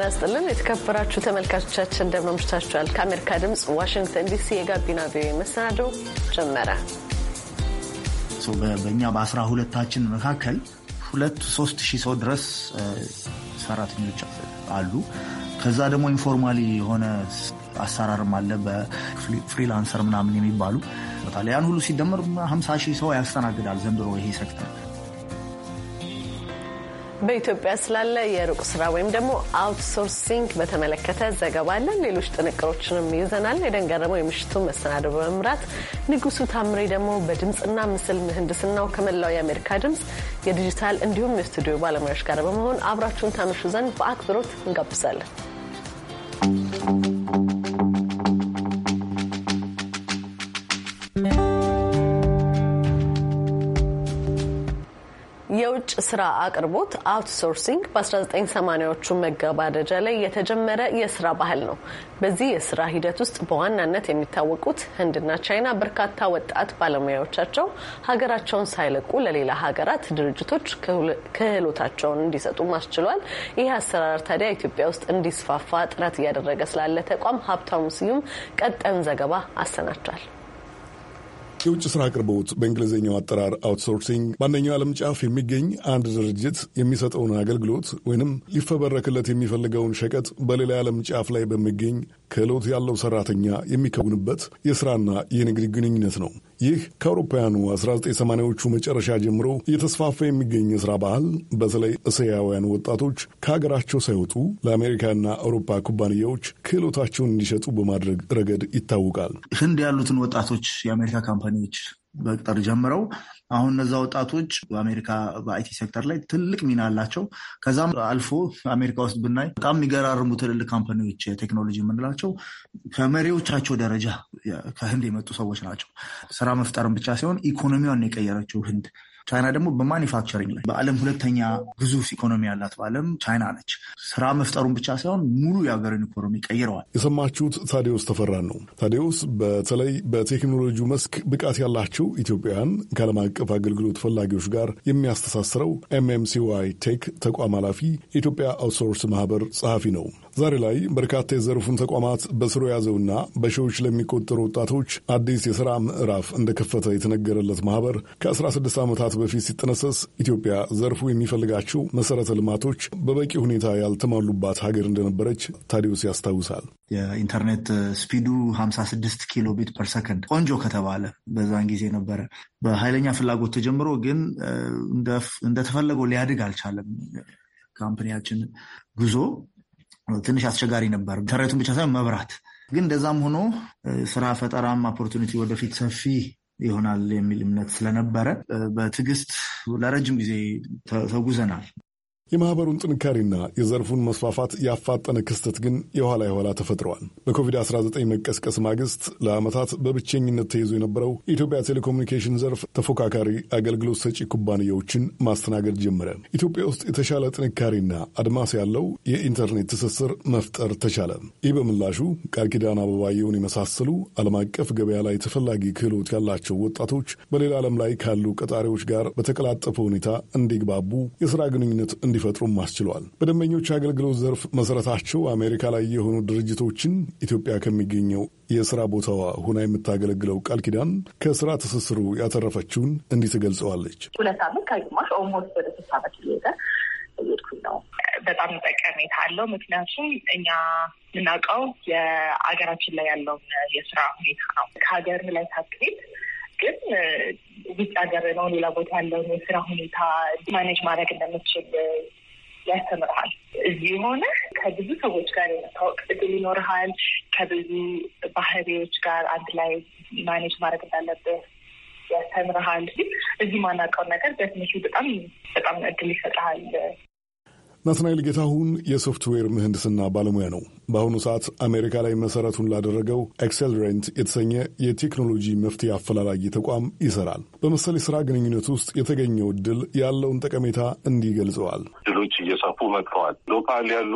ጤና ስጥልን የተከበራችሁ ተመልካቾቻችን እንደምን አምሽታችኋል። ከአሜሪካ ድምፅ ዋሽንግተን ዲሲ የጋቢና ቪኦኤ መሰናዶ ጀመረ። በእኛ በአስራ ሁለታችን መካከል ሁለት ሶስት ሺህ ሰው ድረስ ሰራተኞች አሉ። ከዛ ደግሞ ኢንፎርማሊ የሆነ አሰራርም አለ በፍሪላንሰር ምናምን የሚባሉ ያን ሁሉ ሲደመር ሀምሳ ሺህ ሰው ያስተናግዳል ዘንድሮ ይሄ ሴክተር በኢትዮጵያ ስላለ የሩቅ ስራ ወይም ደግሞ አውትሶርሲንግ በተመለከተ ዘገባ አለን። ሌሎች ጥንቅሮችንም ይዘናል። የደንገረመው የምሽቱ መሰናዶ በመምራት ንጉሱ ታምሬ ደግሞ በድምፅና ምስል ምህንድስናው ከመላው የአሜሪካ ድምፅ የዲጂታል እንዲሁም የስቱዲዮ ባለሙያዎች ጋር በመሆን አብራችሁን ታመሹ ዘንድ በአክብሮት እንጋብዛለን። የውጭ ስራ አቅርቦት አውትሶርሲንግ በ1980ዎቹ መገባደጃ ላይ የተጀመረ የስራ ባህል ነው። በዚህ የስራ ሂደት ውስጥ በዋናነት የሚታወቁት ህንድና ቻይና በርካታ ወጣት ባለሙያዎቻቸው ሀገራቸውን ሳይለቁ ለሌላ ሀገራት ድርጅቶች ክህሎታቸውን እንዲሰጡ ማስችሏል። ይህ አሰራር ታዲያ ኢትዮጵያ ውስጥ እንዲስፋፋ ጥረት እያደረገ ስላለ ተቋም ሀብታሙ ስዩም ቀጣዩን ዘገባ አሰናቷል። የውጭ ስራ አቅርቦት በእንግሊዝኛው አጠራር አውትሶርሲንግ በአንደኛው ዓለም ጫፍ የሚገኝ አንድ ድርጅት የሚሰጠውን አገልግሎት ወይንም ሊፈበረክለት የሚፈልገውን ሸቀጥ በሌላ ዓለም ጫፍ ላይ በሚገኝ ክህሎት ያለው ሰራተኛ የሚከውንበት የስራና የንግድ ግንኙነት ነው። ይህ ከአውሮፓውያኑ 1980ዎቹ መጨረሻ ጀምሮ እየተስፋፋ የሚገኝ የሥራ ባህል በተለይ እስያውያን ወጣቶች ከሀገራቸው ሳይወጡ ለአሜሪካና አውሮፓ ኩባንያዎች ክህሎታቸውን እንዲሸጡ በማድረግ ረገድ ይታወቃል። ህንድ ያሉትን ወጣቶች የአሜሪካ ካምፓኒዎች መቅጠር ጀምረው አሁን እነዛ ወጣቶች በአሜሪካ በአይቲ ሴክተር ላይ ትልቅ ሚና አላቸው። ከዛም አልፎ አሜሪካ ውስጥ ብናይ በጣም የሚገራርሙ ትልልቅ ካምፓኒዎች ቴክኖሎጂ የምንላቸው ከመሪዎቻቸው ደረጃ ከህንድ የመጡ ሰዎች ናቸው። ስራ መፍጠርን ብቻ ሳይሆን ኢኮኖሚዋን የቀየረችው ህንድ ቻይና ደግሞ በማኒፋክቸሪንግ ላይ በዓለም ሁለተኛ ግዙፍ ኢኮኖሚ ያላት በዓለም ቻይና ነች። ስራ መፍጠሩን ብቻ ሳይሆን ሙሉ የሀገርን ኢኮኖሚ ቀይረዋል። የሰማችሁት ታዲዮስ ተፈራን ነው። ታዲዮስ በተለይ በቴክኖሎጂ መስክ ብቃት ያላቸው ኢትዮጵያውያን ከዓለም አቀፍ አገልግሎት ፈላጊዎች ጋር የሚያስተሳስረው ኤምኤምሲዋይ ቴክ ተቋም ኃላፊ የኢትዮጵያ አውትሶርስ ማህበር ጸሐፊ ነው። ዛሬ ላይ በርካታ የዘርፉን ተቋማት በስሩ የያዘውና በሺዎች ለሚቆጠሩ ወጣቶች አዲስ የሥራ ምዕራፍ እንደከፈተ የተነገረለት ማኅበር ከ16 ዓመታት በፊት ሲጠነሰስ ኢትዮጵያ ዘርፉ የሚፈልጋቸው መሠረተ ልማቶች በበቂ ሁኔታ ያልተሟሉባት ሀገር እንደነበረች ታዲዮስ ያስታውሳል። የኢንተርኔት ስፒዱ 56 ኪሎ ቢት ፐር ሰከንድ ቆንጆ ከተባለ በዛን ጊዜ ነበረ። በኃይለኛ ፍላጎት ተጀምሮ ግን እንደተፈለገው ሊያድግ አልቻለም። ካምፕኒያችን ጉዞ ትንሽ አስቸጋሪ ነበር። ተረቱን ብቻ ሳይሆን መብራት ግን እንደዛም ሆኖ ስራ ፈጠራም ኦፖርቹኒቲ ወደፊት ሰፊ ይሆናል የሚል እምነት ስለነበረ በትዕግስት ለረጅም ጊዜ ተጉዘናል። የማህበሩን ጥንካሬና የዘርፉን መስፋፋት ያፋጠነ ክስተት ግን የኋላ የኋላ ተፈጥረዋል። በኮቪድ-19 መቀስቀስ ማግስት ለዓመታት በብቸኝነት ተይዞ የነበረው የኢትዮጵያ ቴሌኮሙኒኬሽን ዘርፍ ተፎካካሪ አገልግሎት ሰጪ ኩባንያዎችን ማስተናገድ ጀመረ። ኢትዮጵያ ውስጥ የተሻለ ጥንካሬና አድማስ ያለው የኢንተርኔት ትስስር መፍጠር ተቻለ። ይህ በምላሹ ቃል ኪዳን አበባየውን የመሳሰሉ ዓለም አቀፍ ገበያ ላይ ተፈላጊ ክህሎት ያላቸው ወጣቶች በሌላ ዓለም ላይ ካሉ ቀጣሪዎች ጋር በተቀላጠፈ ሁኔታ እንዲግባቡ የሥራ ግንኙነት እንዲ እንዲፈጥሩም አስችሏል። በደንበኞች አገልግሎት ዘርፍ መሰረታቸው አሜሪካ ላይ የሆኑ ድርጅቶችን ኢትዮጵያ ከሚገኘው የስራ ቦታዋ ሁና የምታገለግለው ቃል ኪዳን ከስራ ትስስሩ ያተረፈችውን እንዲህ ትገልጸዋለች። ሁለት በጣም ጠቀሜታ አለው። ምክንያቱም እኛ የምናውቀው የአገራችን ላይ ያለውን የስራ ሁኔታ ነው። ከሀገር ላይ ታክሌት ግን ውጭ ሀገር ነው ሌላ ቦታ ያለውን የስራ ሁኔታ ማኔጅ ማድረግ እንደምችል ያስተምርሃል። እዚህ ሆነ ከብዙ ሰዎች ጋር የመታወቅ እድል ይኖርሃል። ከብዙ ባህሪዎች ጋር አንድ ላይ ማኔጅ ማድረግ እንዳለብህ ያስተምርሃል። እዚህ ማናውቀውን ነገር በትንሹ በጣም በጣም እድል ይሰጥሃል። ናትናኤል ጌታሁን የሶፍትዌር ምህንድስና ባለሙያ ነው። በአሁኑ ሰዓት አሜሪካ ላይ መሰረቱን ላደረገው ኤክሰልሬንት የተሰኘ የቴክኖሎጂ መፍትሄ አፈላላጊ ተቋም ይሰራል። በመሰል የስራ ግንኙነት ውስጥ የተገኘው እድል ያለውን ጠቀሜታ እንዲህ ገልጸዋል። እድሎች እየሰፉ መጥተዋል። ሎካል ያሉ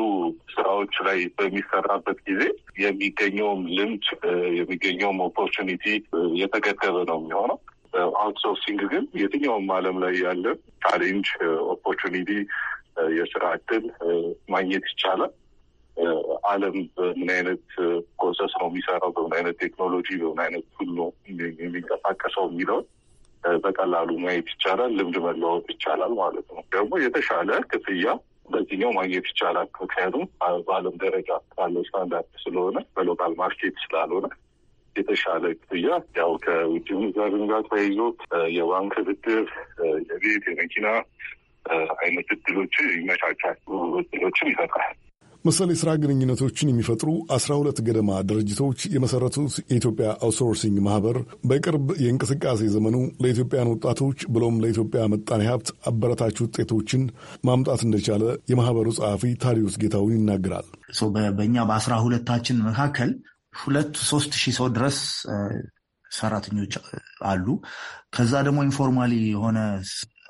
ስራዎች ላይ በሚሰራበት ጊዜ የሚገኘውም ልምድ የሚገኘውም ኦፖርቹኒቲ የተገደበ ነው የሚሆነው አውትሶርሲንግ ግን የትኛውም ዓለም ላይ ያለ ቻሌንጅ ኦፖርቹኒቲ የስራ እድል ማግኘት ይቻላል። ዓለም በምን አይነት ፕሮሰስ ነው የሚሰራው፣ በምን አይነት ቴክኖሎጂ፣ በምን አይነት ሁሉ የሚንቀሳቀሰው የሚለውን በቀላሉ ማየት ይቻላል። ልምድ መለወጥ ይቻላል ማለት ነው። ደግሞ የተሻለ ክፍያ በዚህኛው ማግኘት ይቻላል። ምክንያቱም በዓለም ደረጃ ካለው ስታንዳርድ ስለሆነ በሎካል ማርኬት ስላልሆነ የተሻለ ክፍያ ያው ከውጭ ምንዛሪ ጋር ተያይዞ የባንክ ብድር፣ የቤት፣ የመኪና አይነት እድሎች ይመቻቻል፣ እድሎችን ይፈጥራል። መሰል የስራ ግንኙነቶችን የሚፈጥሩ አስራ ሁለት ገደማ ድርጅቶች የመሰረቱት የኢትዮጵያ አውትሶርሲንግ ማህበር በቅርብ የእንቅስቃሴ ዘመኑ ለኢትዮጵያን ወጣቶች ብሎም ለኢትዮጵያ መጣኔ ሀብት አበረታች ውጤቶችን ማምጣት እንደቻለ የማህበሩ ጸሐፊ ታዲዮስ ጌታውን ይናገራል። በእኛ በአስራ ሁለታችን መካከል ሁለት ሶስት ሺህ ሰው ድረስ ሰራተኞች አሉ። ከዛ ደግሞ ኢንፎርማሊ የሆነ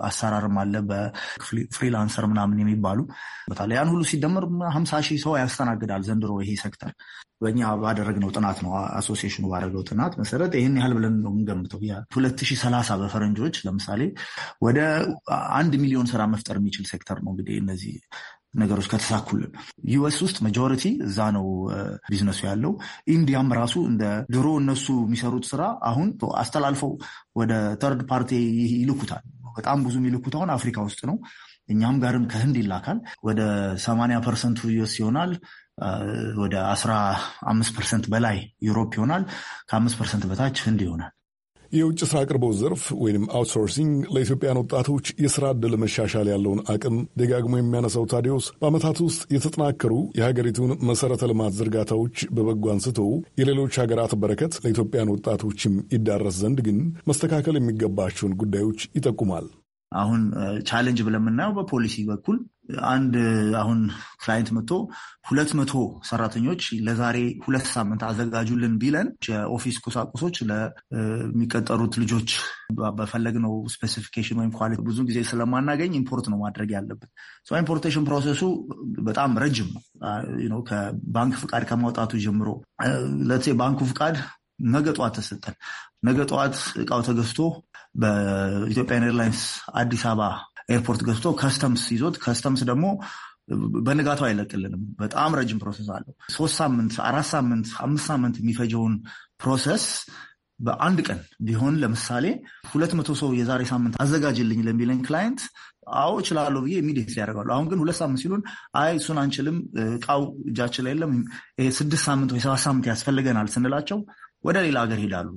አሰራርም አለ በፍሪላንሰር ምናምን የሚባሉ በታዲያ ያን ሁሉ ሲደመር ሀምሳ ሺህ ሰው ያስተናግዳል ዘንድሮ ይሄ ሴክተር። በእኛ ባደረግነው ጥናት ነው አሶሲሽኑ ባደረገው ጥናት መሰረት ይህን ያህል ብለን ነው የምንገምተው። ሁለት ሺህ ሰላሳ በፈረንጆች ለምሳሌ ወደ አንድ ሚሊዮን ስራ መፍጠር የሚችል ሴክተር ነው እንግዲህ እነዚህ ነገሮች ከተሳኩልን ዩኤስ ውስጥ መጆሪቲ እዛ ነው ቢዝነሱ ያለው። ኢንዲያም ራሱ እንደ ድሮ እነሱ የሚሰሩት ስራ አሁን አስተላልፈው ወደ ተርድ ፓርቲ ይልኩታል። በጣም ብዙ የሚልኩት አሁን አፍሪካ ውስጥ ነው። እኛም ጋርም ከህንድ ይላካል። ወደ ሰማንያ ፐርሰንቱ ዩስ ይሆናል። ወደ አስራ አምስት ፐርሰንት በላይ ዩሮፕ ይሆናል። ከአምስት ፐርሰንት በታች ህንድ ይሆናል። የውጭ ስራ አቅርቦት ዘርፍ ወይም አውትሶርሲንግ ለኢትዮጵያን ወጣቶች የስራ ዕድል መሻሻል ያለውን አቅም ደጋግሞ የሚያነሳው ታዲዮስ በዓመታት ውስጥ የተጠናከሩ የሀገሪቱን መሰረተ ልማት ዝርጋታዎች በበጎ አንስቶ የሌሎች ሀገራት በረከት ለኢትዮጵያን ወጣቶችም ይዳረስ ዘንድ ግን መስተካከል የሚገባቸውን ጉዳዮች ይጠቁማል። አሁን ቻሌንጅ ብለን በፖሊሲ በኩል አንድ አሁን ክላይንት መጥቶ ሁለት መቶ ሰራተኞች ለዛሬ ሁለት ሳምንት አዘጋጁልን ቢለን የኦፊስ ቁሳቁሶች ለሚቀጠሩት ልጆች በፈለግነው ስፔሲፊኬሽን ወይም ኳሊቲ ብዙ ጊዜ ስለማናገኝ ኢምፖርት ነው ማድረግ ያለብን። ኢምፖርቴሽን ፕሮሰሱ በጣም ረጅም ነው። ከባንክ ፍቃድ ከማውጣቱ ጀምሮ ለሴ ባንኩ ፍቃድ ነገ ጠዋት ተሰጠን። ነገ ጠዋት እቃው ተገዝቶ በኢትዮጵያን ኤርላይንስ አዲስ አበባ ኤርፖርት ገዝቶ ከስተምስ ይዞት ከስተምስ ደግሞ በንጋቱ አይለቅልንም። በጣም ረጅም ፕሮሰስ አለው። ሶስት ሳምንት፣ አራት ሳምንት፣ አምስት ሳምንት የሚፈጀውን ፕሮሰስ በአንድ ቀን ቢሆን ለምሳሌ ሁለት መቶ ሰው የዛሬ ሳምንት አዘጋጅልኝ ለሚለን ክላይንት አዎ እችላለሁ ብዬ ኢሚዲየት ያደርጋሉ። አሁን ግን ሁለት ሳምንት ሲሉን አይ እሱን አንችልም፣ እቃው እጃችን ላይ የለም፣ ስድስት ሳምንት ወይ ሰባት ሳምንት ያስፈልገናል ስንላቸው ወደ ሌላ ሀገር ሄዳሉ።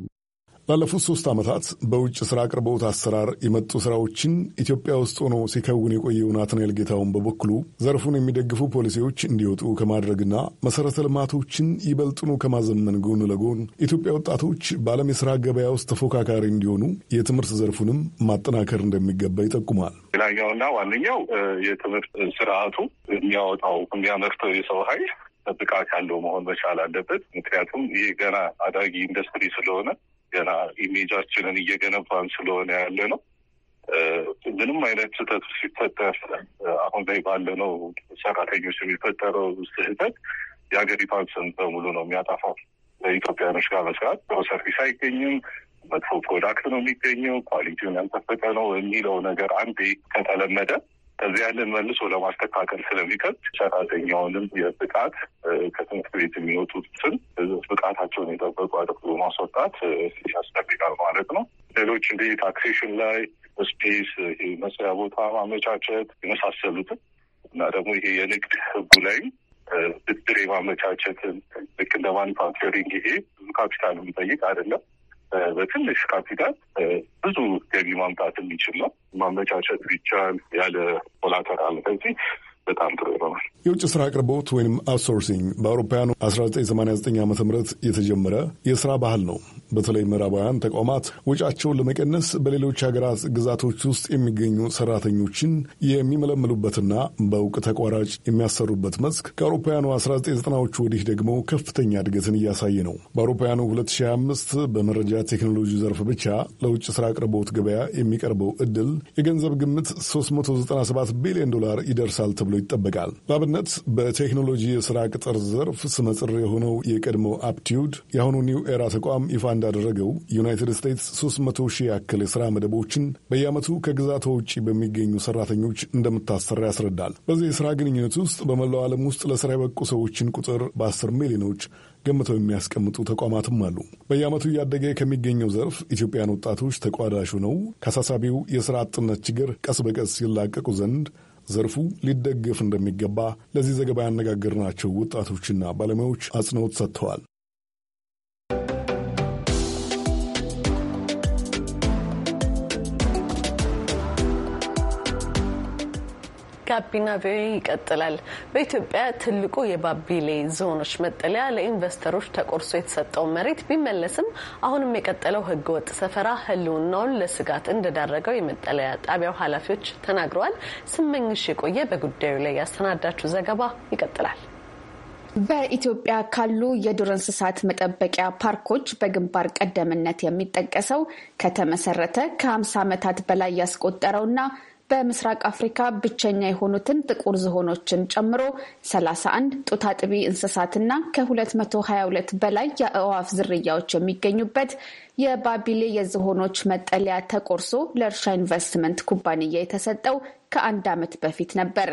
ላለፉት ሶስት ዓመታት በውጭ ሥራ አቅርቦት አሰራር የመጡ ሥራዎችን ኢትዮጵያ ውስጥ ሆኖ ሲከውን የቆየው ናትናኤል ጌታውን በበኩሉ ዘርፉን የሚደግፉ ፖሊሲዎች እንዲወጡ ከማድረግና መሠረተ ልማቶችን ይበልጥኑ ከማዘመን ጎን ለጎን ኢትዮጵያ ወጣቶች በዓለም የሥራ ገበያ ውስጥ ተፎካካሪ እንዲሆኑ የትምህርት ዘርፉንም ማጠናከር እንደሚገባ ይጠቁማል። ሌላኛውና ዋነኛው የትምህርት ስርዓቱ የሚያወጣው የሚያመርተው የሰው ኃይል ብቃት ያለው መሆን መቻል አለበት። ምክንያቱም ይህ ገና አዳጊ ኢንዱስትሪ ስለሆነ ገና ኢሜጃችንን እየገነባን ስለሆነ ያለ ነው። ምንም አይነት ስህተት ሲፈጠር አሁን ላይ ባለነው ሰራተኞች የሚፈጠረው ስህተት የሀገሪቷን ስም በሙሉ ነው የሚያጠፋው። ለኢትዮጵያኖች ጋር መስራት ጥሩ ሰርቪስ አይገኝም፣ መጥፎ ፕሮዳክት ነው የሚገኘው፣ ኳሊቲውን ያልጠበቀ ነው የሚለው ነገር አንዴ ከተለመደ ከዚህ ያለን መልሶ ለማስተካከል ስለሚከብድ ሰራተኛውንም የብቃት ከትምህርት ቤት የሚወጡትን ብቃታቸውን የጠበቁ አድርጎ ማስወጣት ያስጠብቃል ማለት ነው። ሌሎች እንዲህ ታክሴሽን ላይ ስፔስ፣ መስሪያ ቦታ ማመቻቸት የመሳሰሉትን እና ደግሞ ይሄ የንግድ ህጉ ላይም ብድር የማመቻቸትን ልክ እንደ ማኒፋክቸሪንግ ይሄ ብዙ ካፒታል የሚጠይቅ አይደለም። በትንሽ ካፒታል ብዙ ገቢ ማምጣት የሚችል ነው። ማመቻቸት ቢቻል ያለ ኮላተራል ከዚህ በጣም ጥሩ ይሆናል። የውጭ ስራ አቅርቦት ወይም አውትሶርሲንግ በአውሮፓውያኑ 1989 ዓ ም የተጀመረ የስራ ባህል ነው። በተለይ ምዕራባውያን ተቋማት ወጫቸውን ለመቀነስ በሌሎች ሀገራት ግዛቶች ውስጥ የሚገኙ ሰራተኞችን የሚመለምሉበትና በእውቅ ተቋራጭ የሚያሰሩበት መስክ ከአውሮፓውያኑ 1990ዎቹ ወዲህ ደግሞ ከፍተኛ እድገትን እያሳየ ነው። በአውሮፓውያኑ 2025 በመረጃ ቴክኖሎጂ ዘርፍ ብቻ ለውጭ ስራ አቅርቦት ገበያ የሚቀርበው ዕድል የገንዘብ ግምት 397 ቢሊዮን ዶላር ይደርሳል ተብሎ ይጠበቃል። ለአብነት በቴክኖሎጂ የስራ ቅጥር ዘርፍ ስመጥር የሆነው የቀድሞ አፕቲዩድ የአሁኑ ኒው ኤራ ተቋም ይፋ እንዳደረገው ዩናይትድ ስቴትስ 300 ሺህ ያክል የሥራ መደቦችን በየዓመቱ ከግዛቷ ውጭ በሚገኙ ሠራተኞች እንደምታሰራ ያስረዳል። በዚህ የሥራ ግንኙነት ውስጥ በመላው ዓለም ውስጥ ለሥራ የበቁ ሰዎችን ቁጥር በአስር ሚሊዮኖች ገምተው የሚያስቀምጡ ተቋማትም አሉ። በየዓመቱ እያደገ ከሚገኘው ዘርፍ ኢትዮጵያን ወጣቶች ተቋዳሽ ሆነው ከአሳሳቢው የሥራ አጥነት ችግር ቀስ በቀስ ይላቀቁ ዘንድ ዘርፉ ሊደገፍ እንደሚገባ ለዚህ ዘገባ ያነጋገርናቸው ወጣቶችና ባለሙያዎች አጽንኦት ሰጥተዋል። ጋቢና ቪኦኤ ይቀጥላል። በኢትዮጵያ ትልቁ የባቢሌ ዞኖች መጠለያ ለኢንቨስተሮች ተቆርሶ የተሰጠውን መሬት ቢመለስም አሁንም የቀጠለው ህገወጥ ሰፈራ ህልውናውን ለስጋት እንደዳረገው የመጠለያ ጣቢያው ኃላፊዎች ተናግረዋል። ስመኝሽ የቆየ በጉዳዩ ላይ ያሰናዳችው ዘገባ ይቀጥላል። በኢትዮጵያ ካሉ የዱር እንስሳት መጠበቂያ ፓርኮች በግንባር ቀደምነት የሚጠቀሰው ከተመሰረተ ከ50 ዓመታት በላይ ያስቆጠረውና በምስራቅ አፍሪካ ብቸኛ የሆኑትን ጥቁር ዝሆኖችን ጨምሮ 31 ጡት አጥቢ እንስሳትና ከ222 በላይ የአእዋፍ ዝርያዎች የሚገኙበት የባቢሌ የዝሆኖች መጠለያ ተቆርሶ ለእርሻ ኢንቨስትመንት ኩባንያ የተሰጠው ከአንድ ዓመት በፊት ነበር።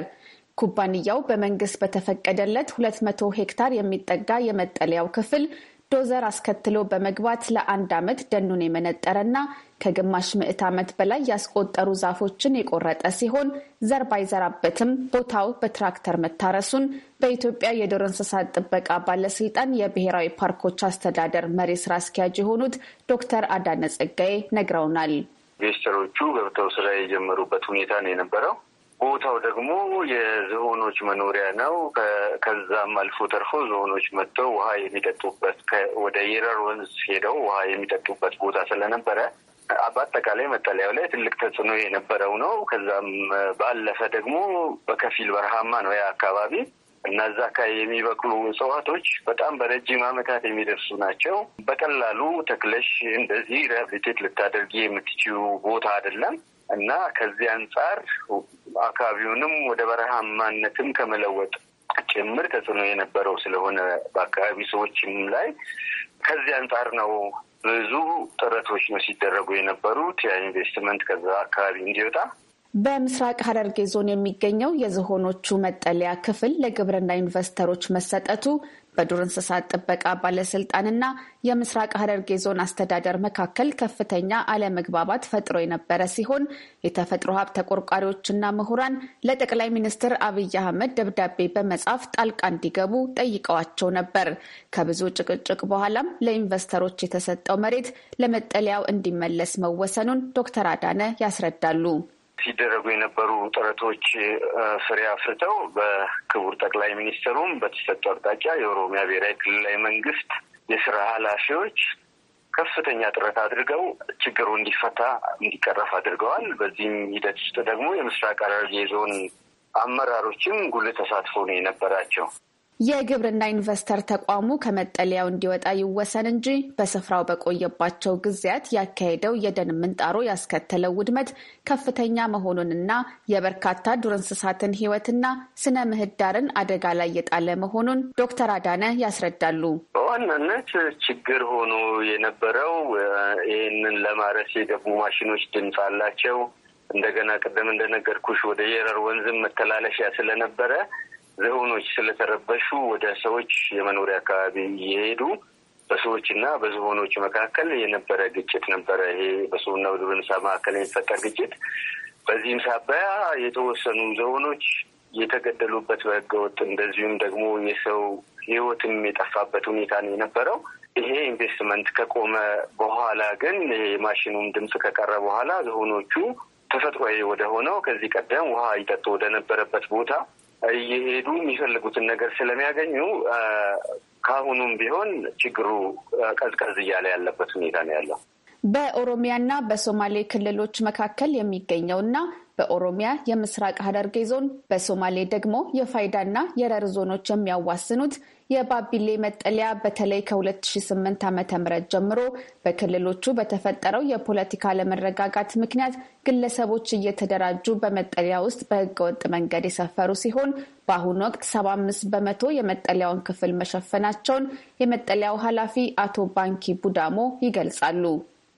ኩባንያው በመንግስት በተፈቀደለት 200 ሄክታር የሚጠጋ የመጠለያው ክፍል ዶዘር አስከትሎ በመግባት ለአንድ ዓመት ደኑን የመነጠረና ከግማሽ ምዕት ዓመት በላይ ያስቆጠሩ ዛፎችን የቆረጠ ሲሆን ዘር ባይዘራበትም ቦታው በትራክተር መታረሱን በኢትዮጵያ የዱር እንስሳት ጥበቃ ባለስልጣን የብሔራዊ ፓርኮች አስተዳደር መሪ ስራ አስኪያጅ የሆኑት ዶክተር አዳነ ጸጋዬ ነግረውናል። ኢንቨስተሮቹ ገብተው ስራ የጀመሩበት ሁኔታ ነው የነበረው። ቦታው ደግሞ የዝሆኖች መኖሪያ ነው። ከዛም አልፎ ተርፎ ዝሆኖች መጥተው ውሃ የሚጠጡበት ወደ የረር ወንዝ ሄደው ውሃ የሚጠጡበት ቦታ ስለነበረ በአጠቃላይ መጠለያው ላይ ትልቅ ተጽዕኖ የነበረው ነው። ከዛም ባለፈ ደግሞ በከፊል በረሃማ ነው ያ አካባቢ እና እዛ አካባቢ የሚበቅሉ እጽዋቶች በጣም በረጅም ዓመታት የሚደርሱ ናቸው። በቀላሉ ተክለሽ እንደዚህ ሪሃብሊቴት ልታደርጊ የምትችው ቦታ አይደለም እና ከዚህ አንጻር አካባቢውንም ወደ በረሃማነትም ከመለወጥ ጭምር ተጽዕኖ የነበረው ስለሆነ በአካባቢ ሰዎችም ላይ ከዚህ አንጻር ነው ብዙ ጥረቶች ነው ሲደረጉ የነበሩት ኢንቨስትመንት ከዛ አካባቢ እንዲወጣ። በምስራቅ ሐረርጌ ዞን የሚገኘው የዝሆኖቹ መጠለያ ክፍል ለግብርና ኢንቨስተሮች መሰጠቱ በዱር እንስሳት ጥበቃ ባለስልጣንና የምስራቅ ሐረርጌ ዞን አስተዳደር መካከል ከፍተኛ አለመግባባት ፈጥሮ የነበረ ሲሆን የተፈጥሮ ሀብት ተቆርቋሪዎችና ምሁራን ለጠቅላይ ሚኒስትር አብይ አህመድ ደብዳቤ በመጻፍ ጣልቃ እንዲገቡ ጠይቀዋቸው ነበር። ከብዙ ጭቅጭቅ በኋላም ለኢንቨስተሮች የተሰጠው መሬት ለመጠለያው እንዲመለስ መወሰኑን ዶክተር አዳነ ያስረዳሉ። ሲደረጉ የነበሩ ጥረቶች ፍሬ አፍርተው በክቡር ጠቅላይ ሚኒስትሩም በተሰጡ አቅጣጫ የኦሮሚያ ብሔራዊ ክልላዊ መንግስት የስራ ኃላፊዎች ከፍተኛ ጥረት አድርገው ችግሩ እንዲፈታ እንዲቀረፍ አድርገዋል። በዚህም ሂደት ውስጥ ደግሞ የምስራቅ ሐረርጌ ዞን አመራሮችም ጉልህ ተሳትፎ ነው የነበራቸው። የግብርና ኢንቨስተር ተቋሙ ከመጠለያው እንዲወጣ ይወሰን እንጂ በስፍራው በቆየባቸው ጊዜያት ያካሄደው የደን ምንጣሮ ያስከተለው ውድመት ከፍተኛ መሆኑንና የበርካታ ዱር እንስሳትን ሕይወትና ስነ ምህዳርን አደጋ ላይ የጣለ መሆኑን ዶክተር አዳነ ያስረዳሉ። በዋናነት ችግር ሆኖ የነበረው ይህንን ለማረስ የገቡ ማሽኖች ድምፅ አላቸው። እንደገና ቅድም እንደነገርኩሽ ወደ የረር ወንዝም መተላለሻ ስለነበረ ዝሆኖች ስለተረበሹ ወደ ሰዎች የመኖሪያ አካባቢ እየሄዱ በሰዎች እና በዝሆኖች መካከል የነበረ ግጭት ነበረ። ይሄ በሰውና በዱር እንስሳ መካከል የሚፈጠር ግጭት። በዚህም ሳቢያ የተወሰኑ ዝሆኖች የተገደሉበት በህገወጥ እንደዚሁም ደግሞ የሰው ህይወትም የጠፋበት ሁኔታ ነው የነበረው። ይሄ ኢንቨስትመንት ከቆመ በኋላ ግን የማሽኑም ድምፅ ከቀረ በኋላ ዝሆኖቹ ተፈጥሯዊ ወደ ሆነው ከዚህ ቀደም ውሃ ይጠጡ ወደነበረበት ቦታ እየሄዱ የሚፈልጉትን ነገር ስለሚያገኙ ከአሁኑም ቢሆን ችግሩ ቀዝቀዝ እያለ ያለበት ሁኔታ ነው ያለው። በኦሮሚያና በሶማሌ ክልሎች መካከል የሚገኘውና በኦሮሚያ የምስራቅ ሐረርጌ ዞን በሶማሌ ደግሞ የፋይዳና የረር ዞኖች የሚያዋስኑት የባቢሌ መጠለያ በተለይ ከ2008 ም ጀምሮ በክልሎቹ በተፈጠረው የፖለቲካ አለመረጋጋት ምክንያት ግለሰቦች እየተደራጁ በመጠለያ ውስጥ በህገወጥ መንገድ የሰፈሩ ሲሆን በአሁኑ ወቅት 75 በመቶ የመጠለያውን ክፍል መሸፈናቸውን የመጠለያው ኃላፊ አቶ ባንኪ ቡዳሞ ይገልጻሉ።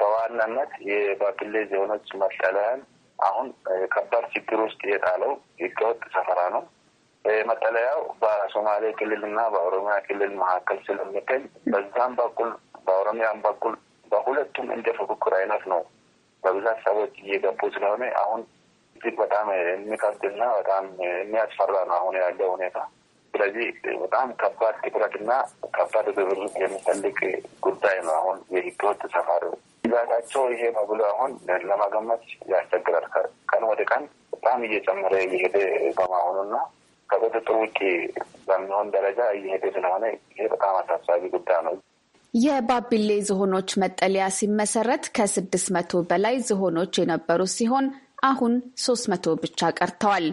በዋናነት የባቢሌ ዞኖች መጠለያን አሁን ከባድ ችግር ውስጥ የጣለው ህገወጥ ሰፈራ ነው። መጠለያው በሶማሌ ክልልና በኦሮሚያ ክልል መካከል ስለሚገኝ በዛም በኩል በኦሮሚያም በኩል በሁለቱም እንደ ፉክክር አይነት ነው። በብዛት ሰዎች እየገቡ ስለሆነ አሁን እዚህ በጣም የሚከብድና በጣም የሚያስፈራ ነው አሁን ያለው ሁኔታ። ስለዚህ በጣም ከባድ ትኩረትና ከባድ ግብር የሚፈልግ ጉዳይ ነው። አሁን የህገወጥ ሰፋሪ ብዛታቸው ይሄ ነው ብሎ አሁን ለመገመት ያስቸግራል። ቀን ወደ ቀን በጣም እየጨመረ እየሄደ በመሆኑና ከቁጥጥር ውጭ በሚሆን ደረጃ እየሄደ ስለሆነ ይሄ በጣም አሳሳቢ ጉዳይ ነው። የባቢሌ ዝሆኖች መጠለያ ሲመሰረት ከስድስት መቶ በላይ ዝሆኖች የነበሩ ሲሆን አሁን ሶስት መቶ ብቻ ቀርተዋል።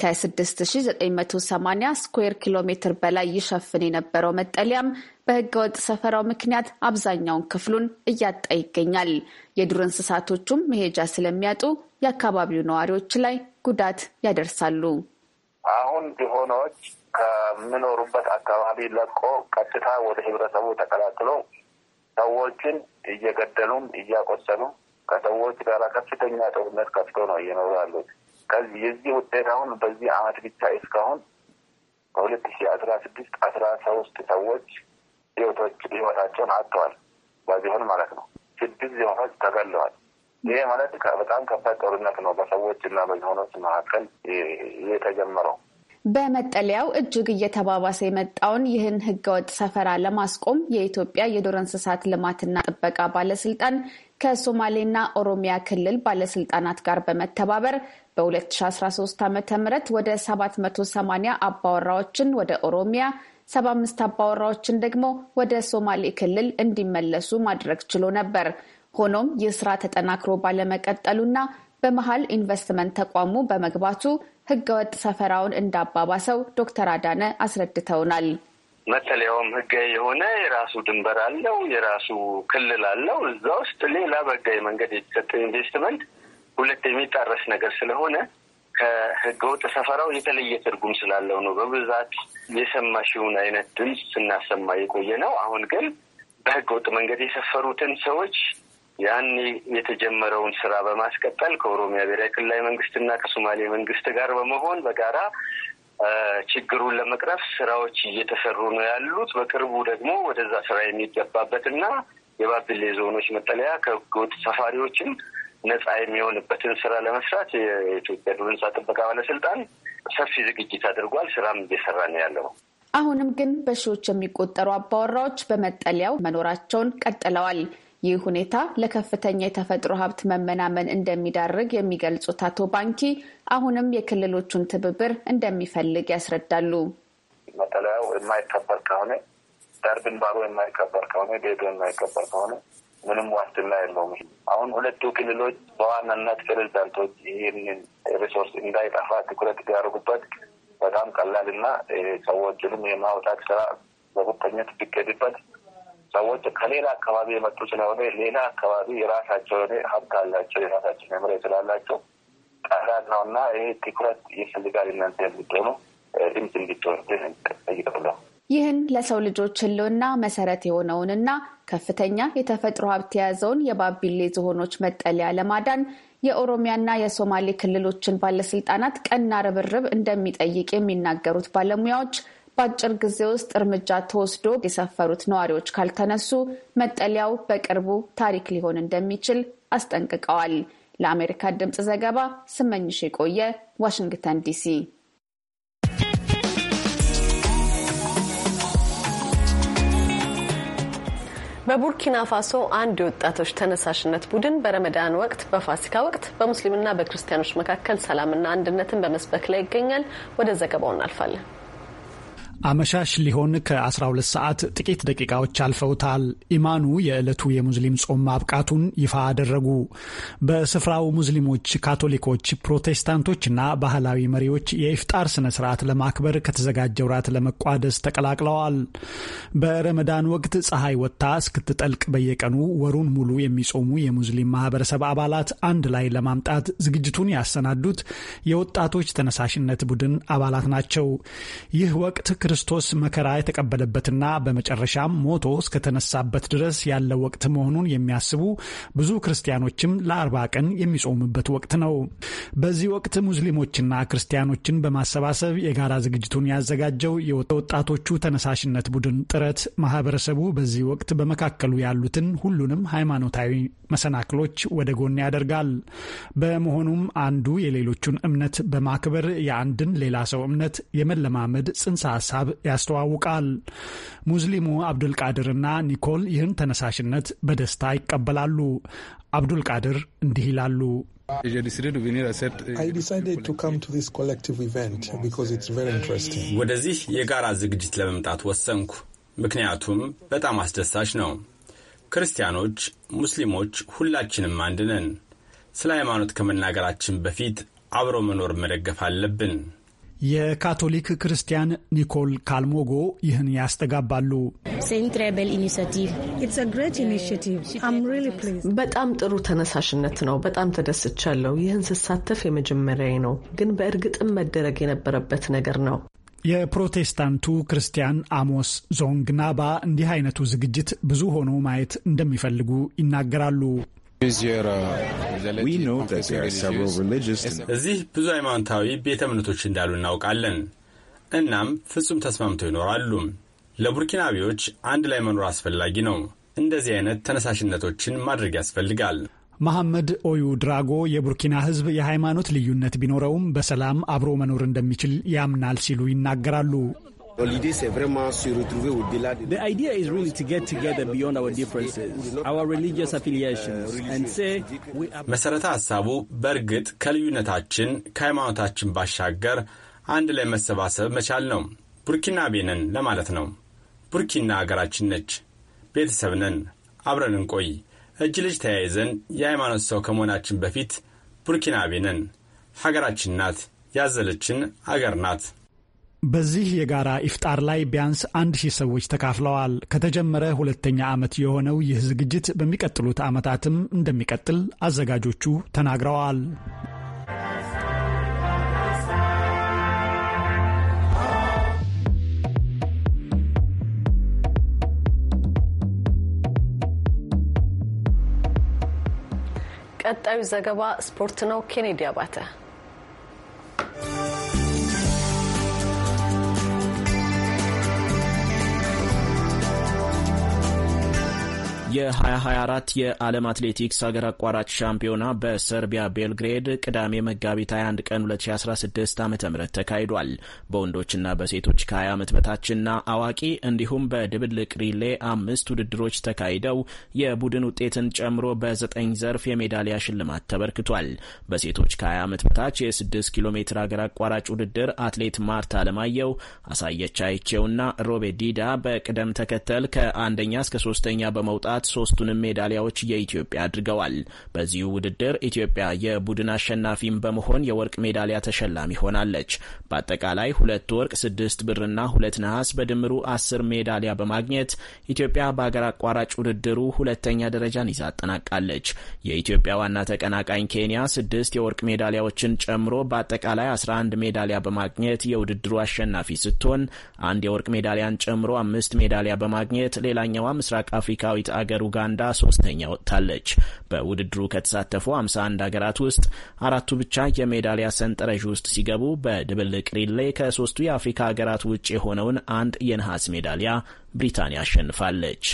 ከ6980 ስኩዌር ኪሎ ሜትር በላይ ይሸፍን የነበረው መጠለያም በህገወጥ ሰፈራው ምክንያት አብዛኛውን ክፍሉን እያጣ ይገኛል። የዱር እንስሳቶቹም መሄጃ ስለሚያጡ የአካባቢው ነዋሪዎች ላይ ጉዳት ያደርሳሉ። አሁን ድሆኖች ከምኖሩበት አካባቢ ለቆ ቀጥታ ወደ ህብረተሰቡ ተቀላቅሎ ሰዎችን እየገደሉም እያቆሰሉ ከሰዎች ጋር ከፍተኛ ጦርነት ከፍቶ ነው እየኖሩ ያሉት። ከዚህ የዚህ ውጤት አሁን በዚህ አመት ብቻ እስካሁን በሁለት ሺ አስራ ስድስት አስራ ሶስት ሰዎች ህይወቶች ህይወታቸውን አጥተዋል። በዚሆን ማለት ነው ስድስት ዝሆኖች ተገለዋል። ይሄ ማለት በጣም ከባድ ጦርነት ነው በሰዎች እና በዝሆኖች መካከል የተጀመረው። በመጠለያው እጅግ እየተባባሰ የመጣውን ይህን ህገወጥ ሰፈራ ለማስቆም የኢትዮጵያ የዱር እንስሳት ልማትና ጥበቃ ባለስልጣን ከሶማሌና ኦሮሚያ ክልል ባለስልጣናት ጋር በመተባበር በ2013 ዓ ም ወደ 780 አባወራዎችን ወደ ኦሮሚያ 75 አባወራዎችን ደግሞ ወደ ሶማሌ ክልል እንዲመለሱ ማድረግ ችሎ ነበር። ሆኖም ይህ ስራ ተጠናክሮ ባለመቀጠሉና በመሀል ኢንቨስትመንት ተቋሙ በመግባቱ ህገወጥ ሰፈራውን እንዳባባሰው ዶክተር አዳነ አስረድተውናል። መተለያውም ህጋዊ የሆነ የራሱ ድንበር አለው፣ የራሱ ክልል አለው። እዛ ውስጥ ሌላ በህጋዊ መንገድ የተሰጠ ኢንቨስትመንት ሁለት የሚጣረስ ነገር ስለሆነ ከህገወጥ ሰፈራው የተለየ ትርጉም ስላለው ነው። በብዛት የሰማሽውን አይነት ድምፅ ስናሰማ የቆየ ነው። አሁን ግን በህገወጥ መንገድ የሰፈሩትን ሰዎች ያን የተጀመረውን ስራ በማስቀጠል ከኦሮሚያ ብሔራዊ ክልላዊ መንግስትና ከሶማሌ መንግስት ጋር በመሆን በጋራ ችግሩን ለመቅረፍ ስራዎች እየተሰሩ ነው ያሉት። በቅርቡ ደግሞ ወደዛ ስራ የሚገባበትና የባቢሌ ዞኖች መጠለያ ከህገወጥ ሰፋሪዎችም ነጻ የሚሆንበትን ስራ ለመስራት የኢትዮጵያ ዱር እንስሳት ጥበቃ ባለስልጣን ሰፊ ዝግጅት አድርጓል። ስራም እየሰራ ነው ያለው። አሁንም ግን በሺዎች የሚቆጠሩ አባወራዎች በመጠለያው መኖራቸውን ቀጥለዋል። ይህ ሁኔታ ለከፍተኛ የተፈጥሮ ሀብት መመናመን እንደሚዳርግ የሚገልጹት አቶ ባንኪ አሁንም የክልሎቹን ትብብር እንደሚፈልግ ያስረዳሉ። መጠለያው የማይከበር ከሆነ ዳርብን ባሮ የማይከበር ከሆነ ዴዶ የማይከበር ከሆነ ምንም ዋስትና የለውም። አሁን ሁለቱ ክልሎች በዋናነት ፕሬዝዳንቶች ይህንን ሪሶርስ እንዳይጠፋ ትኩረት ያደርጉበት በጣም ቀላል እና ሰዎችንም የማውጣት ስራ በቁርጠኝነት ቢገድበት ሰዎች ከሌላ አካባቢ የመጡ ስለሆነ ሌላ አካባቢ የራሳቸው የሆነ ሀብት አላቸው፣ የራሳቸው መምሪያ ስላላቸው ቀላል ነው እና ይህ ትኩረት ይፈልጋል። እናንተ የምትሆኑ ድምፅ እንዲትሆኑ ጠይቀለሁ። ይህን ለሰው ልጆች ሕልውና መሰረት የሆነውንና ከፍተኛ የተፈጥሮ ሀብት የያዘውን የባቢሌ ዝሆኖች መጠለያ ለማዳን የኦሮሚያና የሶማሌ ክልሎችን ባለስልጣናት ቀና ርብርብ እንደሚጠይቅ የሚናገሩት ባለሙያዎች በአጭር ጊዜ ውስጥ እርምጃ ተወስዶ የሰፈሩት ነዋሪዎች ካልተነሱ መጠለያው በቅርቡ ታሪክ ሊሆን እንደሚችል አስጠንቅቀዋል። ለአሜሪካ ድምፅ ዘገባ ስመኝሽ የቆየ ዋሽንግተን ዲሲ። በቡርኪና ፋሶ አንድ የወጣቶች ተነሳሽነት ቡድን በረመዳን ወቅት በፋሲካ ወቅት በሙስሊምና በክርስቲያኖች መካከል ሰላምና አንድነትን በመስበክ ላይ ይገኛል። ወደ ዘገባው እናልፋለን። አመሻሽ ሊሆን ከ12 ሰዓት ጥቂት ደቂቃዎች አልፈውታል። ኢማኑ የዕለቱ የሙስሊም ጾም ማብቃቱን ይፋ አደረጉ። በስፍራው ሙስሊሞች፣ ካቶሊኮች፣ ፕሮቴስታንቶችና ባህላዊ መሪዎች የኢፍጣር ስነ ስርዓት ለማክበር ከተዘጋጀ ውራት ለመቋደስ ተቀላቅለዋል። በረመዳን ወቅት ፀሐይ ወጥታ እስክትጠልቅ በየቀኑ ወሩን ሙሉ የሚጾሙ የሙስሊም ማህበረሰብ አባላት አንድ ላይ ለማምጣት ዝግጅቱን ያሰናዱት የወጣቶች ተነሳሽነት ቡድን አባላት ናቸው። ይህ ወቅት ክርስቶስ መከራ የተቀበለበትና በመጨረሻም ሞቶ እስከተነሳበት ድረስ ያለ ወቅት መሆኑን የሚያስቡ ብዙ ክርስቲያኖችም ለአርባ ቀን የሚጾሙበት ወቅት ነው። በዚህ ወቅት ሙስሊሞችና ክርስቲያኖችን በማሰባሰብ የጋራ ዝግጅቱን ያዘጋጀው የወጣቶቹ ተነሳሽነት ቡድን ጥረት ማህበረሰቡ በዚህ ወቅት በመካከሉ ያሉትን ሁሉንም ሃይማኖታዊ መሰናክሎች ወደ ጎን ያደርጋል። በመሆኑም አንዱ የሌሎቹን እምነት በማክበር የአንድን ሌላ ሰው እምነት የመለማመድ ጽንሰ ሀሳብ ሀሳብ ያስተዋውቃል። ሙስሊሙ አብዱልቃድርና ኒኮል ይህን ተነሳሽነት በደስታ ይቀበላሉ። አብዱልቃድር እንዲህ ይላሉ። ወደዚህ የጋራ ዝግጅት ለመምጣት ወሰንኩ፣ ምክንያቱም በጣም አስደሳች ነው። ክርስቲያኖች፣ ሙስሊሞች ሁላችንም አንድ ነን። ስለ ሃይማኖት ከመናገራችን በፊት አብሮ መኖር መደገፍ አለብን። የካቶሊክ ክርስቲያን ኒኮል ካልሞጎ ይህን ያስተጋባሉ። በጣም ጥሩ ተነሳሽነት ነው። በጣም ተደስቻለሁ። ይህን ስሳተፍ የመጀመሪያዬ ነው፣ ግን በእርግጥም መደረግ የነበረበት ነገር ነው። የፕሮቴስታንቱ ክርስቲያን አሞስ ዞንግናባ እንዲህ አይነቱ ዝግጅት ብዙ ሆኖ ማየት እንደሚፈልጉ ይናገራሉ። እዚህ ብዙ ሃይማኖታዊ ቤተ እምነቶች እንዳሉ እናውቃለን። እናም ፍጹም ተስማምተው ይኖራሉ። ለቡርኪናቤዎች አንድ ላይ መኖር አስፈላጊ ነው። እንደዚህ አይነት ተነሳሽነቶችን ማድረግ ያስፈልጋል። መሐመድ ኦዩ ድራጎ የቡርኪና ሕዝብ የሃይማኖት ልዩነት ቢኖረውም በሰላም አብሮ መኖር እንደሚችል ያምናል ሲሉ ይናገራሉ። The idea is really to get together beyond our differences, our religious affiliations, euh, and say we are... መሰረተ ሀሳቡ በእርግጥ ከልዩነታችን ከሃይማኖታችን ባሻገር አንድ ላይ መሰባሰብ መቻል ነው። ቡርኪና ቤነን ለማለት ነው። ቡርኪና አገራችን ነች። ቤተሰብ ነን። አብረን እንቆይ። እጅ ልጅ ተያይዘን የሃይማኖት ሰው ከመሆናችን በፊት ቡርኪና ቤነን ሀገራችን ናት። ያዘለችን አገር ናት። በዚህ የጋራ ኢፍጣር ላይ ቢያንስ አንድ ሺህ ሰዎች ተካፍለዋል። ከተጀመረ ሁለተኛ ዓመት የሆነው ይህ ዝግጅት በሚቀጥሉት ዓመታትም እንደሚቀጥል አዘጋጆቹ ተናግረዋል። ቀጣዩ ዘገባ ስፖርት ነው። ኬኔዲ አባተ የ2024 የዓለም አትሌቲክስ ሀገር አቋራጭ ሻምፒዮና በሰርቢያ ቤልግሬድ ቅዳሜ መጋቢት 21 ቀን 2016 ዓ ም ተካሂዷል። በወንዶችና በሴቶች ከ20 ዓመት በታችና አዋቂ እንዲሁም በድብልቅ ሪሌ አምስት ውድድሮች ተካሂደው የቡድን ውጤትን ጨምሮ በዘጠኝ ዘርፍ የሜዳሊያ ሽልማት ተበርክቷል። በሴቶች ከ20 ዓመት በታች የ6 ኪሎ ሜትር ሀገር አቋራጭ ውድድር አትሌት ማርታ አለማየሁ፣ አሳየች አይቼውና ሮቤ ዲዳ በቅደም ተከተል ከአንደኛ እስከ ሶስተኛ በመውጣት ሶስቱንም ሜዳሊያዎች የኢትዮጵያ አድርገዋል። በዚሁ ውድድር ኢትዮጵያ የቡድን አሸናፊም በመሆን የወርቅ ሜዳሊያ ተሸላሚ ሆናለች። በአጠቃላይ ሁለት ወርቅ፣ ስድስት ብርና ሁለት ነሐስ በድምሩ አስር ሜዳሊያ በማግኘት ኢትዮጵያ በአገር አቋራጭ ውድድሩ ሁለተኛ ደረጃን ይዛ አጠናቃለች። የኢትዮጵያ ዋና ተቀናቃኝ ኬንያ ስድስት የወርቅ ሜዳሊያዎችን ጨምሮ በአጠቃላይ 11 ሜዳሊያ በማግኘት የውድድሩ አሸናፊ ስትሆን አንድ የወርቅ ሜዳሊያን ጨምሮ አምስት ሜዳሊያ በማግኘት ሌላኛዋ ምስራቅ አፍሪካዊት አገር ሀገር ኡጋንዳ ሶስተኛ ወጥታለች። በውድድሩ ከተሳተፉ 51 ሀገራት ውስጥ አራቱ ብቻ የሜዳሊያ ሰንጠረዥ ውስጥ ሲገቡ በድብልቅ ሪሌ ከሶስቱ የአፍሪካ ሀገራት ውጭ የሆነውን አንድ የነሐስ ሜዳሊያ ብሪታንያ አሸንፋለች።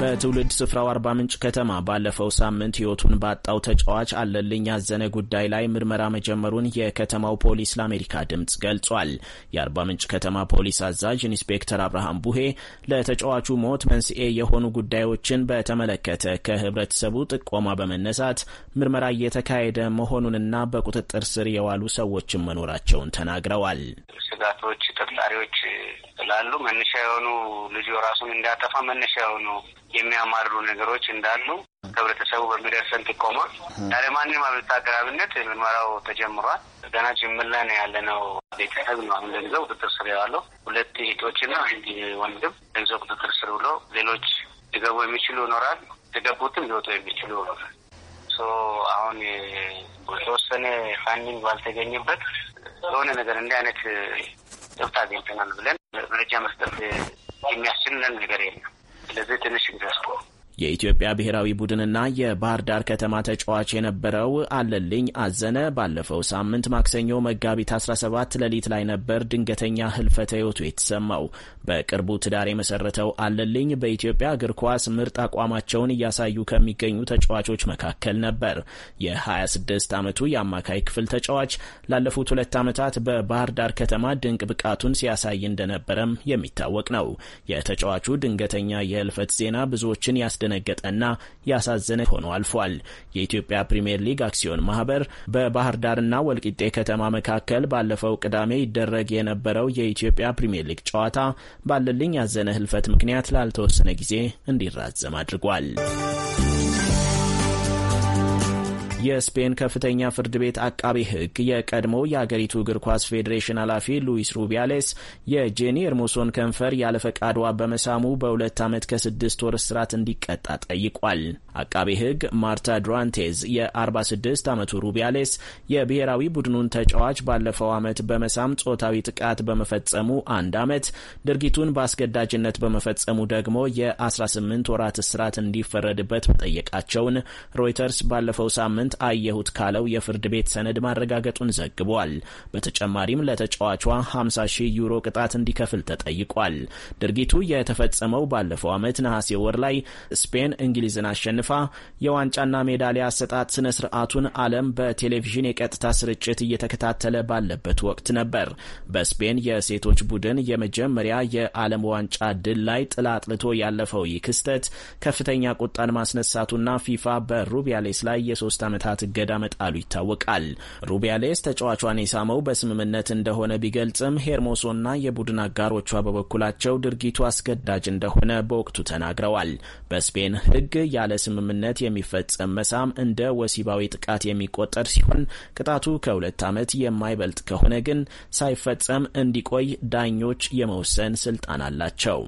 በትውልድ ስፍራው አርባ ምንጭ ከተማ ባለፈው ሳምንት ሕይወቱን ባጣው ተጫዋች አለልኝ ያዘነ ጉዳይ ላይ ምርመራ መጀመሩን የከተማው ፖሊስ ለአሜሪካ ድምፅ ገልጿል። የአርባ ምንጭ ከተማ ፖሊስ አዛዥ ኢንስፔክተር አብርሃም ቡሄ ለተጫዋቹ ሞት መንስኤ የሆኑ ጉዳዮችን በተመለከተ ከህብረተሰቡ ጥቆማ በመነሳት ምርመራ እየተካሄደ መሆኑንና በቁጥጥር ስር የዋሉ ሰዎችን መኖራቸውን ተናግረዋል። ስጋቶች፣ ጥርጣሬዎች ስላሉ መነሻ የሆኑ ልጁ ራሱን እንዳያጠፋ መነሻ የሆኑ የሚያማርሩ ነገሮች እንዳሉ ህብረተሰቡ በሚደርሰን ጥቆማ ማንም አቤቱታ አቅራቢነት ምርመራው ተጀምሯል። ገና ጅምር ላይ ነው ያለነው። ቤተሰብ ነው አሁን ለጊዜው ቁጥጥር ስር የዋለው። ሁለት እህቶችና አንድ ወንድም ለጊዜው ቁጥጥር ስር ብሎ ሌሎች ሊገቡ የሚችሉ ይኖራል። የገቡትም ሊወጡ የሚችሉ ይኖራል። አሁን የተወሰነ ፋንዲንግ ባልተገኘበት የሆነ ነገር እንዲህ አይነት ጥብት አግኝተናል ብለን መረጃ መስጠት የሚያስችለን ነገር የለም። les détenus sur የኢትዮጵያ ብሔራዊ ቡድንና የባህር ዳር ከተማ ተጫዋች የነበረው አለልኝ አዘነ ባለፈው ሳምንት ማክሰኞ መጋቢት 17 ሌሊት ላይ ነበር ድንገተኛ ህልፈተ ህይወቱ የተሰማው። በቅርቡ ትዳር የመሰረተው አለልኝ በኢትዮጵያ እግር ኳስ ምርጥ አቋማቸውን እያሳዩ ከሚገኙ ተጫዋቾች መካከል ነበር። የ26 ዓመቱ የአማካይ ክፍል ተጫዋች ላለፉት ሁለት ዓመታት በባህር ዳር ከተማ ድንቅ ብቃቱን ሲያሳይ እንደነበረም የሚታወቅ ነው። የተጫዋቹ ድንገተኛ የህልፈት ዜና ብዙዎችን ያስደ ያስደነገጠና ያሳዘነ ሆኖ አልፏል። የኢትዮጵያ ፕሪምየር ሊግ አክሲዮን ማህበር በባህር ዳርና ወልቂጤ ከተማ መካከል ባለፈው ቅዳሜ ይደረግ የነበረው የኢትዮጵያ ፕሪምየር ሊግ ጨዋታ ባለልኝ ያዘነ ህልፈት ምክንያት ላልተወሰነ ጊዜ እንዲራዘም አድርጓል። የስፔን ከፍተኛ ፍርድ ቤት አቃቤ ሕግ የቀድሞው የአገሪቱ እግር ኳስ ፌዴሬሽን ኃላፊ ሉዊስ ሩቢያሌስ የጄኒ ኤርሞሶን ከንፈር ያለፈቃድዋ በመሳሙ በሁለት ዓመት ከስድስት ወር እስራት እንዲቀጣ ጠይቋል። አቃቤ ሕግ ማርታ ዱራንቴዝ የ46 ዓመቱ ሩቢያሌስ የብሔራዊ ቡድኑን ተጫዋች ባለፈው ዓመት በመሳም ጾታዊ ጥቃት በመፈጸሙ አንድ ዓመት ድርጊቱን በአስገዳጅነት በመፈጸሙ ደግሞ የ18 ወራት እስራት እንዲፈረድበት መጠየቃቸውን ሮይተርስ ባለፈው ሳምንት ሳምንት አየሁት ካለው የፍርድ ቤት ሰነድ ማረጋገጡን ዘግቧል። በተጨማሪም ለተጫዋቿ 50 ሺህ ዩሮ ቅጣት እንዲከፍል ተጠይቋል። ድርጊቱ የተፈጸመው ባለፈው ዓመት ነሐሴ ወር ላይ ስፔን እንግሊዝን አሸንፋ የዋንጫና ሜዳሊያ አሰጣጥ ስነ ስርዓቱን ዓለም በቴሌቪዥን የቀጥታ ስርጭት እየተከታተለ ባለበት ወቅት ነበር። በስፔን የሴቶች ቡድን የመጀመሪያ የዓለም ዋንጫ ድል ላይ ጥላ አጥልቶ ያለፈው ይህ ክስተት ከፍተኛ ቁጣን ማስነሳቱና ፊፋ በሩቢያሌስ ላይ የሶስት ዓመት ዓመታት እገዳ መጣሉ ይታወቃል። ሩቢያሌስ ተጫዋቿን የሳመው በስምምነት እንደሆነ ቢገልጽም ሄርሞሶና የቡድን አጋሮቿ በበኩላቸው ድርጊቱ አስገዳጅ እንደሆነ በወቅቱ ተናግረዋል። በስፔን ሕግ ያለ ስምምነት የሚፈጸም መሳም እንደ ወሲባዊ ጥቃት የሚቆጠር ሲሆን ቅጣቱ ከሁለት ዓመት የማይበልጥ ከሆነ ግን ሳይፈጸም እንዲቆይ ዳኞች የመውሰን ስልጣን አላቸው።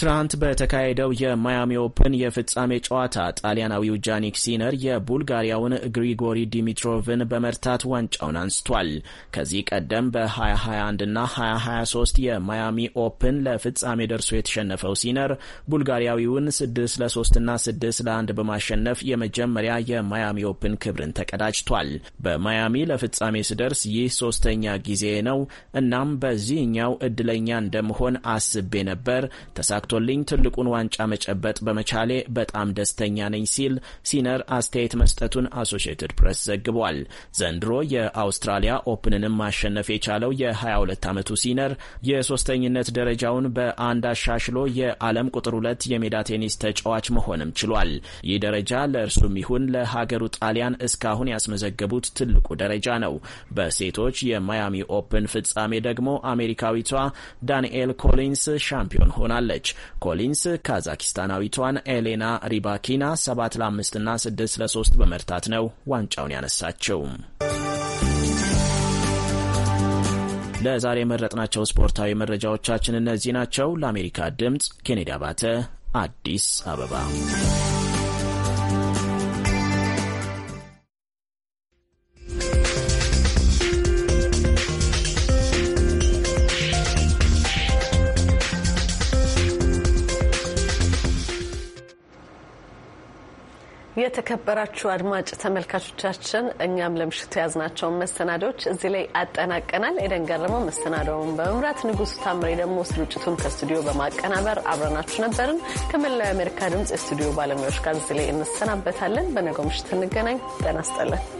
ትናንት በተካሄደው የማያሚ ኦፕን የፍጻሜ ጨዋታ ጣሊያናዊው ጃኒክ ሲነር የቡልጋሪያውን ግሪጎሪ ዲሚትሮቭን በመርታት ዋንጫውን አንስቷል። ከዚህ ቀደም በ2021 እና 2023 የማያሚ ኦፕን ለፍጻሜ ደርሶ የተሸነፈው ሲነር ቡልጋሪያዊውን 6 ለ3 እና 6 ለ1 በማሸነፍ የመጀመሪያ የማያሚ ኦፕን ክብርን ተቀዳጅቷል። በማያሚ ለፍጻሜ ስደርስ ይህ ሶስተኛ ጊዜ ነው። እናም በዚህኛው እድለኛ እንደመሆን አስቤ ነበር ተሳ ተሳክቶልኝ ትልቁን ዋንጫ መጨበጥ በመቻሌ በጣም ደስተኛ ነኝ ሲል ሲነር አስተያየት መስጠቱን አሶሺየትድ ፕሬስ ዘግቧል። ዘንድሮ የአውስትራሊያ ኦፕንንም ማሸነፍ የቻለው የ22 ዓመቱ ሲነር የሶስተኝነት ደረጃውን በአንድ አሻሽሎ የዓለም ቁጥር ሁለት የሜዳ ቴኒስ ተጫዋች መሆንም ችሏል። ይህ ደረጃ ለእርሱም ይሁን ለሀገሩ ጣሊያን እስካሁን ያስመዘገቡት ትልቁ ደረጃ ነው። በሴቶች የማያሚ ኦፕን ፍጻሜ ደግሞ አሜሪካዊቷ ዳንኤል ኮሊንስ ሻምፒዮን ሆናለች። ኮሊንስ ካዛኪስታናዊቷን ኤሌና ሪባኪና 7 ለ5 እና 6 ለ3 በመርታት ነው ዋንጫውን ያነሳቸው። ለዛሬ የመረጥናቸው ስፖርታዊ መረጃዎቻችን እነዚህ ናቸው። ለአሜሪካ ድምፅ ኬኔዲ አባተ አዲስ አበባ የተከበራችሁ አድማጭ ተመልካቾቻችን እኛም ለምሽቱ የያዝናቸውን መሰናዶች እዚህ ላይ አጠናቀናል። ኤደን ገረመው መሰናዶውን በመምራት ንጉሱ ታምሬ ደግሞ ስርጭቱን ከስቱዲዮ በማቀናበር አብረናችሁ ነበርን። ከመላው የአሜሪካ ድምፅ የስቱዲዮ ባለሙያዎች ጋር እዚህ ላይ እንሰናበታለን። በነገው ምሽት እንገናኝ። ጤና ይስጥልን።